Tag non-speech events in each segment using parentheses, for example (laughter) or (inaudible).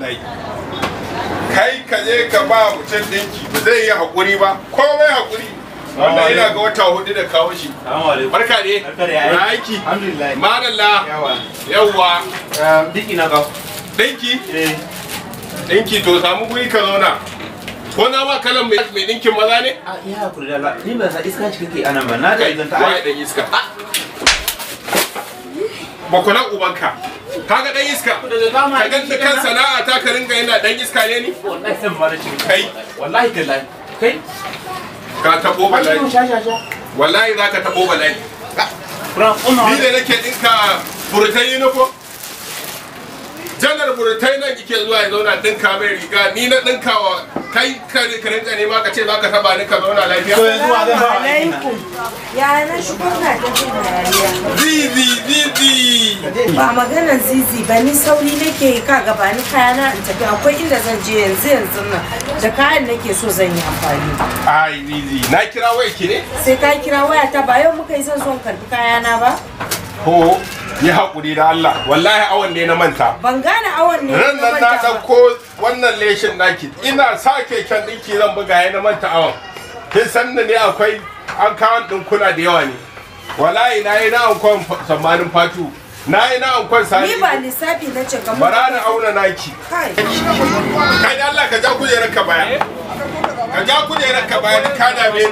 nai kai ka je ka ba mutum ɗinki ba zai yi haƙuri ba komai haƙuri wannan ina ga wata hudu da kawo shi barka ne ehm, na aiki madalla yawa dinki na eh. kawo dinki dinki to samu guri ka zauna ko na ba kalan mai mai dinkin maza ne a ah, ya hakuri da ni ba sa iska cikin ke anan ba na da idan ta ai dan iska bakwalan ubanka kaga dan iska ka ganta kan sana'a ta ka ringa yana dan iska ne ni wallahi san ba rashin kai wallahi tallahi kai ka tabo bala'i wallahi za ka tabo bala'i ni da nake dinka burtai ne ko janar burtai nan yake zuwa ya zauna dinka mai riga ni na dinka wa kai ka rinka nema ka ce za ka taba ni ka zauna lafiya to yanzu a zama alaikum ya na shigo na ta ce na zizi zizi ba magana zizi ba ni sauri nake ka gaba ni kayana in tafi akwai inda zan je yanzu yanzu nan da kayan nake so zan yi amfani ai zizi na kira waya ki ne sai ka kira waya ta ba yau muka yi zan zo in karbi kayana ba ho yi haƙuri da Allah wallahi awon ne na manta ban gane awon ne na wannan leshin naki ina sa keken ɗinki zan buga ya na manta awon kin san da ne akwai an kawo ɗinkuna da yawa ne wallahi na yi na ankon sammanin fatu na yi na ankon sani ni ba lissafi na ce kamar bara na auna naki kai Allah ka ja kujerar ka baya ka ja kujerar ka baya ka da ni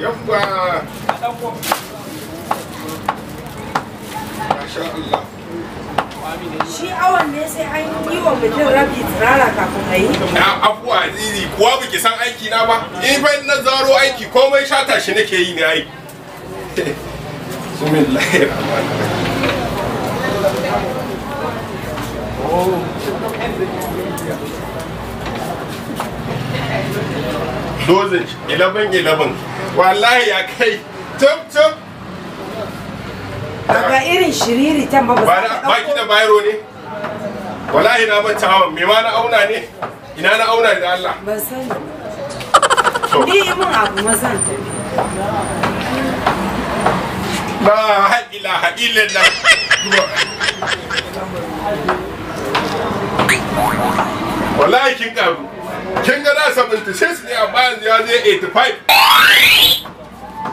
yawwa masha Allah Shi awon ne sai an yi wa mutum rabi tsirara kafin a yi? Na afuwa ziri kuwa biki san aiki na ba. In fa na zaro aiki komai shata shi nake yi ne ai. Bismillahir Rahmanir Rahim. Dozage 11 11 wallahi ya kai tab tab Daga irin shiriri tan ba ba. Ba ki da bayro ne? Wallahi na ban hawan me ma na auna ne? Ina na auna da Allah. Ban sani. Ni mun abu mazan Wallahi kin karu. Kin ga na 76 ne a bayan ya je 85.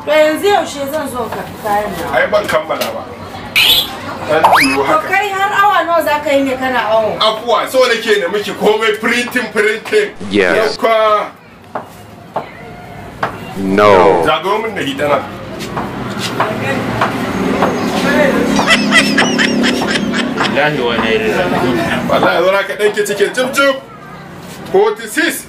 To yanzu yaushe zan zo karɓi kayan nan? Ai ban kammala ba. Dan turo kai har awa nawa za ka yi ne kana awo? Afuwa so nake na miki komai printing printing. Yes. Yauka. No. Zago min da hidana. Wallahi wani irin Wallahi zo na ka ɗanke cikin jib jib. 46.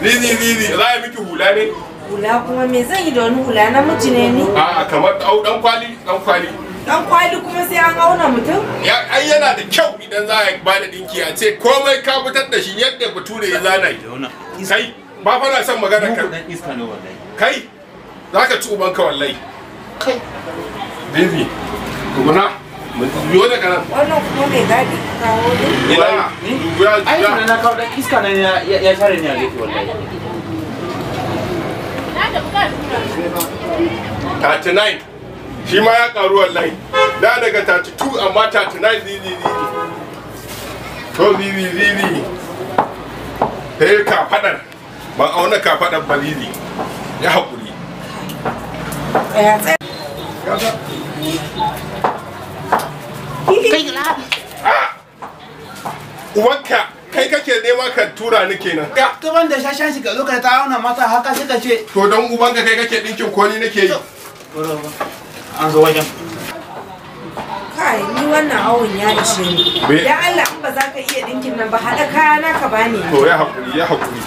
Rini rini za a miki hula ne? Hula kuma me zan yi da wani hula miji ne ni? A'a kamar dan kwali dan kwali. Dan kwali kuma sai an auna mutum? Ya ai yana da kyau idan za a ba da dinki a ce komai ka fitar da shi yadda bature ya zana Kai ba fa na son magana ka. Kai ci uban ka wallahi. Kai. Bibi. Kuma Yo Wannan kuma mai gadi kawo ne. iska ne ya ya a 39 shi ma ya karu wallahi da daga 32 amma 39 zizi to zizi zizi sai ka fadar ba auna ka fadar ba zizi ya haƙuri kai ah! uwanka kai kake nema ka tura ni kenan ta ban da shashan shi ga lokacin ta auna masa haka suka ce to don uban ka kai kake dinkin koli nake yi an zo wajen kai ni wannan awon ya ishe ni ya Allah in ba za ka iya dinkin nan ba hada kaya na ka bani to ya hakuri ya hakuri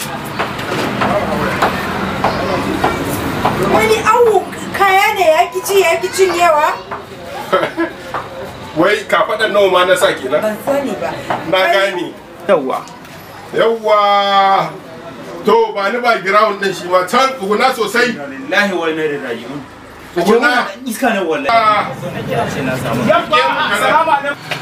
wani awo kaya ne ya kici ya kicin yawa (laughs) wai ka fada nawa ma na sa kenan ban sani ba na gani. yawwa yawwa to ba ni ba ground din shi ba can kuna sosai lillahi wa inna ilaihi raji'un kuna iska ne wallahi ah.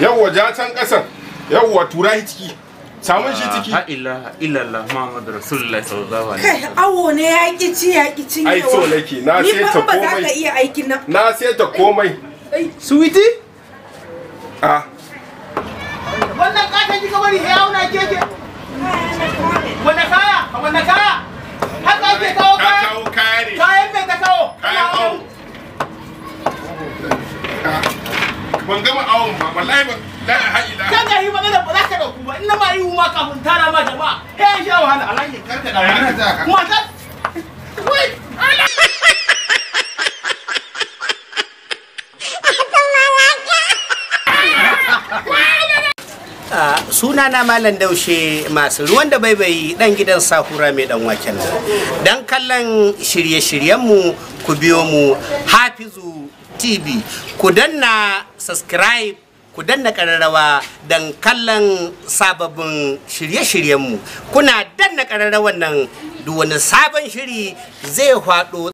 yawwa ja can kasar yawwa tura ciki samun shi ah, ciki ha illa illa Allah Muhammad Rasulullahi sallallahu alaihi wasallam awo ne ya ki ci ya ki cin ai so laki na sai ta komai ni ba za ka iya aikin nan na sai ta komai suwiti ah ban gama awon ba wallahi ban la haila kan yi magana ba za ka dauku ba ina ma yi ma kafin tara ma jama'a eh sha wahala alaji karka da wani ta kuma ta wai ala ah, suna na malam daushe masu ruwan da baibayi dan gidan sahura mai dan waken nan dan kallon shirye-shiryenmu ku biyo mu hafizu tv ku danna subscribe ku danna kararrawa don kallon sababbin shirye-shiryenmu kuna danna kararrawan nan duk wani sabon shiri zai faɗo